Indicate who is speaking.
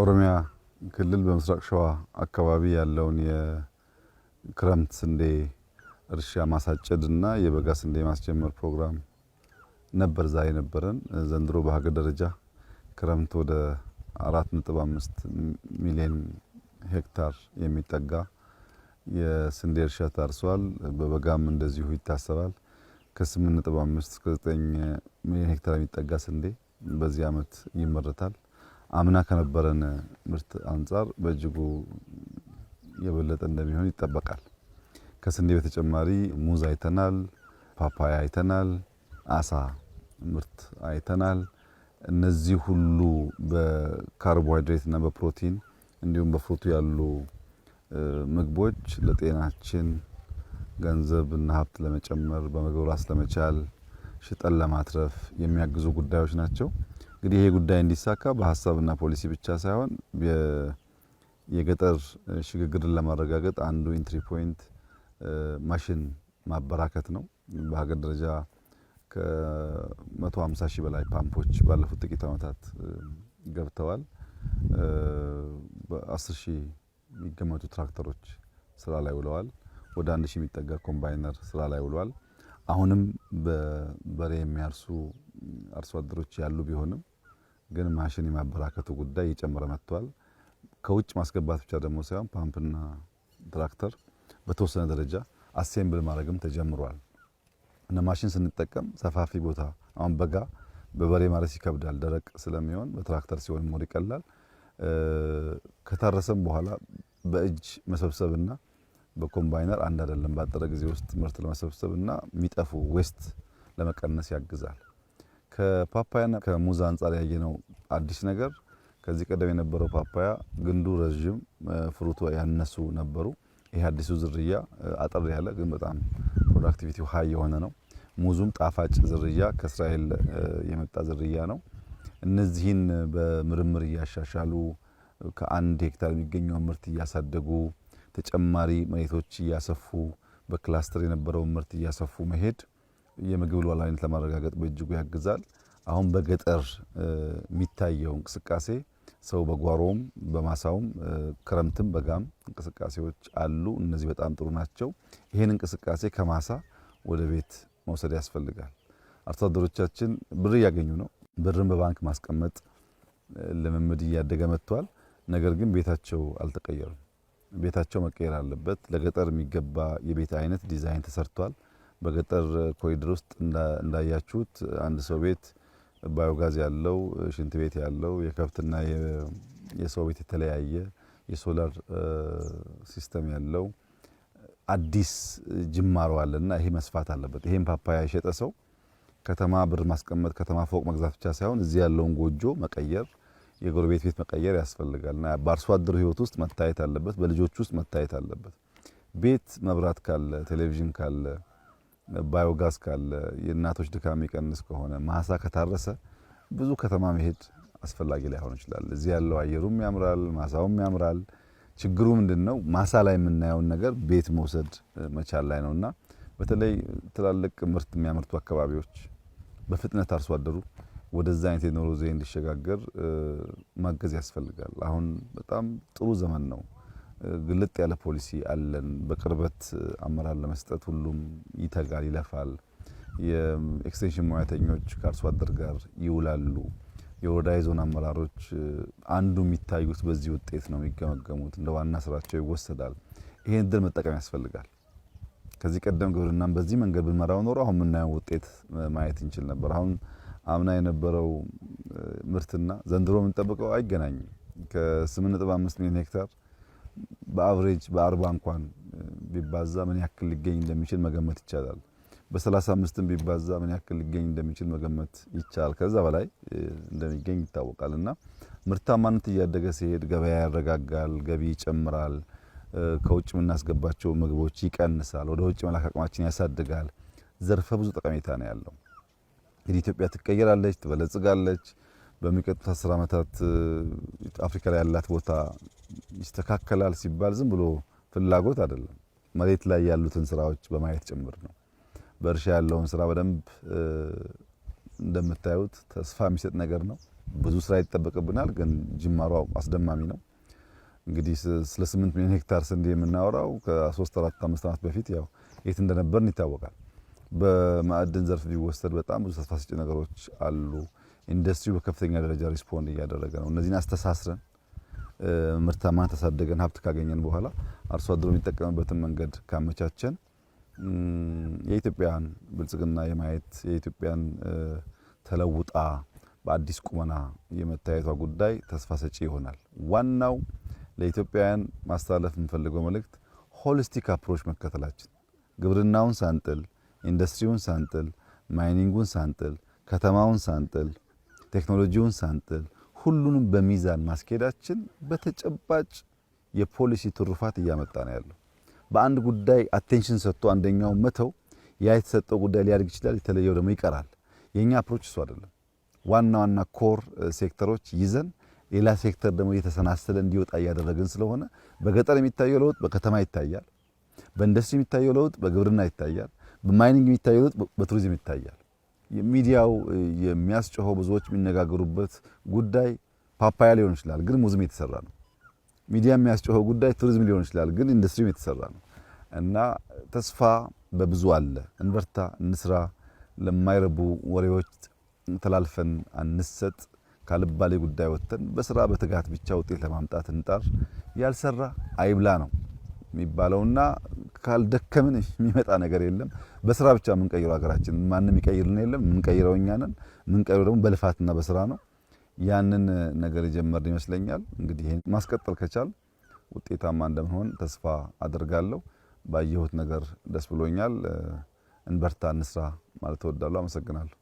Speaker 1: ኦሮሚያ ክልል በምስራቅ ሸዋ አካባቢ ያለውን የክረምት ስንዴ እርሻ ማሳጨድ እና የበጋ ስንዴ ማስጀመር ፕሮግራም ነበር ዛሬ ነበረን። ዘንድሮ በሀገር ደረጃ ክረምት ወደ አራት ነጥብ አምስት ሚሊዮን ሄክታር የሚጠጋ የስንዴ እርሻ ታርሷል። በበጋም እንደዚሁ ይታሰባል ከ አምስት እስከ 9 ሚሊዮን ሄክታር የሚጠጋ ስንዴ በዚህ አመት ይመረታል። አምና ከነበረን ምርት አንጻር በእጅጉ የበለጠ እንደሚሆን ይጠበቃል። ከስንዴ በተጨማሪ ሙዝ አይተናል፣ ፓፓያ አይተናል፣ አሳ ምርት አይተናል። እነዚህ ሁሉ በካርቦሃይድሬት እና በፕሮቲን እንዲሁም በፍሩቱ ያሉ ምግቦች ለጤናችን ገንዘብ እና ሀብት ለመጨመር በምግብ ራስ ለመቻል ሽጠን ለማትረፍ የሚያግዙ ጉዳዮች ናቸው። እንግዲህ ይሄ ጉዳይ እንዲሳካ በሀሳብና ፖሊሲ ብቻ ሳይሆን የገጠር ሽግግርን ለማረጋገጥ አንዱ ኢንትሪ ፖይንት ማሽን ማበራከት ነው። በሀገር ደረጃ ከ150 ሺህ በላይ ፓምፖች ባለፉት ጥቂት ዓመታት ገብተዋል። በ10 ሺህ የሚገመቱ ትራክተሮች ስራ ላይ ውለዋል። ወደ አንድ ሺህ የሚጠጋ ኮምባይነር ስራ ላይ ውለዋል። አሁንም በበሬ የሚያርሱ አርሶ አደሮች ያሉ ቢሆንም ግን ማሽን የማበራከቱ ጉዳይ እየጨመረ መጥቷል። ከውጭ ማስገባት ብቻ ደግሞ ሳይሆን ፓምፕና ትራክተር በተወሰነ ደረጃ አሴምብል ማድረግም ተጀምሯል እና ማሽን ስንጠቀም ሰፋፊ ቦታ አሁን በጋ በበሬ ማረስ ይከብዳል፣ ደረቅ ስለሚሆን በትራክተር ሲሆን ሞር ይቀላል። ከታረሰም በኋላ በእጅ መሰብሰብና በኮምባይነር አንድ አይደለም። ባጠረ ጊዜ ውስጥ ምርት ለመሰብሰብ የሚጠፉ ዌስት ለመቀነስ ያግዛል። ከፓፓያና ከሙዝ አንጻር ያየነው አዲስ ነገር ከዚህ ቀደም የነበረው ፓፓያ ግንዱ ረዥም ፍሩቱ ያነሱ ነበሩ። ይህ አዲሱ ዝርያ አጠር ያለ ግን በጣም ፕሮዳክቲቪቲው ሀይ የሆነ ነው። ሙዙም ጣፋጭ ዝርያ ከእስራኤል የመጣ ዝርያ ነው። እነዚህን በምርምር እያሻሻሉ ከአንድ ሄክታር የሚገኘውን ምርት እያሳደጉ ተጨማሪ መሬቶች እያሰፉ በክላስተር የነበረውን ምርት እያሰፉ መሄድ የምግብ ሉዓላዊነት ለማረጋገጥ በእጅጉ ያግዛል። አሁን በገጠር የሚታየው እንቅስቃሴ ሰው በጓሮም በማሳውም ክረምትም በጋም እንቅስቃሴዎች አሉ። እነዚህ በጣም ጥሩ ናቸው። ይህን እንቅስቃሴ ከማሳ ወደ ቤት መውሰድ ያስፈልጋል። አርሶ አደሮቻችን ብር እያገኙ ነው። ብርን በባንክ ማስቀመጥ ልምምድ እያደገ መጥቷል። ነገር ግን ቤታቸው አልተቀየሩም። ቤታቸው መቀየር አለበት። ለገጠር የሚገባ የቤት አይነት ዲዛይን ተሰርቷል። በገጠር ኮሪደር ውስጥ እንዳያችሁት አንድ ሰው ቤት ባዮጋዝ ያለው ሽንት ቤት ያለው የከብትና የሰው ቤት የተለያየ የሶላር ሲስተም ያለው አዲስ ጅማሮ አለና ይሄ መስፋት አለበት። ይሄን ፓፓያ የሸጠ ሰው ከተማ ብር ማስቀመጥ ከተማ ፎቅ መግዛት ብቻ ሳይሆን እዚህ ያለውን ጎጆ መቀየር የጎረቤት ቤት መቀየር ያስፈልጋልና በአርሶ አደር ህይወት ውስጥ መታየት አለበት። በልጆች ውስጥ መታየት አለበት። ቤት መብራት ካለ ቴሌቪዥን ካለ ባዮጋዝ ካለ የእናቶች ድካም የሚቀንስ ከሆነ ማሳ ከታረሰ ብዙ ከተማ መሄድ አስፈላጊ ላይሆን ይችላል። እዚህ ያለው አየሩም ያምራል፣ ማሳውም ያምራል። ችግሩ ምንድን ነው? ማሳ ላይ የምናየውን ነገር ቤት መውሰድ መቻል ላይ ነው እና በተለይ ትላልቅ ምርት የሚያመርቱ አካባቢዎች በፍጥነት አርሶ አደሩ ወደዛ አይነት የኑሮ እንዲሸጋገር ማገዝ ያስፈልጋል። አሁን በጣም ጥሩ ዘመን ነው። ግልጥ ያለ ፖሊሲ አለን። በቅርበት አመራር ለመስጠት ሁሉም ይተጋል፣ ይለፋል። የኤክስቴንሽን ሙያተኞች ከአርሶ አደር ጋር ይውላሉ። የወረዳ የዞን አመራሮች አንዱ የሚታዩት በዚህ ውጤት ነው የሚገመገሙት፣ እንደ ዋና ስራቸው ይወሰዳል። ይሄን እድል መጠቀም ያስፈልጋል። ከዚህ ቀደም ግብርናን በዚህ መንገድ ብንመራው ኖሮ አሁን የምናየው ውጤት ማየት እንችል ነበር። አሁን አምና የነበረው ምርትና ዘንድሮ የምንጠብቀው አይገናኝም። ከ8.5 ሚሊዮን ሄክታር በአብሬጅ በአርባ እንኳን ቢባዛ ምን ያክል ሊገኝ እንደሚችል መገመት ይቻላል። በሰላሳ አምስትም ቢባዛ ምን ያክል ሊገኝ እንደሚችል መገመት ይቻላል። ከዛ በላይ እንደሚገኝ ይታወቃል። እና ምርታማነት እያደገ ሲሄድ ገበያ ያረጋጋል፣ ገቢ ይጨምራል፣ ከውጭ የምናስገባቸው ምግቦች ይቀንሳል፣ ወደ ውጭ መላክ አቅማችን ያሳድጋል። ዘርፈ ብዙ ጠቀሜታ ነው ያለው። እንግዲህ ኢትዮጵያ ትቀየራለች፣ ትበለጽጋለች። በሚቀጥሉት አስር ዓመታት አፍሪካ ላይ ያላት ቦታ ይስተካከላል ሲባል ዝም ብሎ ፍላጎት አይደለም። መሬት ላይ ያሉትን ስራዎች በማየት ጭምር ነው። በእርሻ ያለውን ስራ በደንብ እንደምታዩት ተስፋ የሚሰጥ ነገር ነው። ብዙ ስራ ይጠበቅብናል፣ ግን ጅማሯ አስደማሚ ነው። እንግዲህ ስለ 8 ሚሊዮን ሄክታር ስንዴ የምናወራው ከሶስት አራት አምስት ዓመት በፊት ያው የት እንደነበርን ይታወቃል። በማዕድን ዘርፍ ቢወሰድ በጣም ብዙ ተስፋ ሰጪ ነገሮች አሉ። ኢንዱስትሪው በከፍተኛ ደረጃ ሪስፖንድ እያደረገ ነው። እነዚህን አስተሳስረን ምርታማ ተሳደገን ሀብት ካገኘን በኋላ አርሶ አደሩ የሚጠቀምበትን መንገድ ካመቻቸን የኢትዮጵያን ብልጽግና የማየት የኢትዮጵያን ተለውጣ በአዲስ ቁመና የመታየቷ ጉዳይ ተስፋ ሰጪ ይሆናል። ዋናው ለኢትዮጵያውያን ማስተላለፍ የምፈልገው መልእክት ሆሊስቲክ አፕሮች መከተላችን፣ ግብርናውን ሳንጥል፣ ኢንዱስትሪውን ሳንጥል፣ ማይኒንጉን ሳንጥል፣ ከተማውን ሳንጥል፣ ቴክኖሎጂውን ሳንጥል ሁሉንም በሚዛን ማስኬዳችን በተጨባጭ የፖሊሲ ትሩፋት እያመጣ ነው ያለው። በአንድ ጉዳይ አቴንሽን ሰጥቶ አንደኛው መተው ያ የተሰጠው ጉዳይ ሊያድግ ይችላል፣ የተለየው ደግሞ ይቀራል። የኛ አፕሮች እሱ አይደለም። ዋና ዋና ኮር ሴክተሮች ይዘን ሌላ ሴክተር ደግሞ እየተሰናሰለ እንዲወጣ እያደረግን ስለሆነ በገጠር የሚታየው ለውጥ በከተማ ይታያል። በኢንዱስትሪ የሚታየው ለውጥ በግብርና ይታያል። በማይኒንግ የሚታየው ለውጥ በቱሪዝም ይታያል። ሚዲያው የሚያስጨሆ ብዙዎች የሚነጋገሩበት ጉዳይ ፓፓያ ሊሆን ይችላል፣ ግን ሙዝም የተሰራ ነው። ሚዲያ የሚያስጨሆ ጉዳይ ቱሪዝም ሊሆን ይችላል፣ ግን ኢንዱስትሪም የተሰራ ነው እና ተስፋ በብዙ አለ። እንበርታ፣ እንስራ። ለማይረቡ ወሬዎች ተላልፈን አንሰጥ። ካልባሌ ጉዳይ ወጥተን በስራ በትጋት ብቻ ውጤት ለማምጣት እንጣር። ያልሰራ አይብላ ነው። የሚባለውና ካልደከምን የሚመጣ ነገር የለም። በስራ ብቻ የምንቀይረው ሀገራችን ማንም ይቀይርልን የለም። የምንቀይረው እኛ ነን። የምንቀይረው ደግሞ በልፋትና በስራ ነው። ያንን ነገር የጀመርን ይመስለኛል። እንግዲህ ይህን ማስቀጠል ከቻል ውጤታማ እንደምንሆን ተስፋ አድርጋለሁ። ባየሁት ነገር ደስ ብሎኛል። እንበርታ፣ እንስራ ማለት እወዳለሁ። አመሰግናለሁ።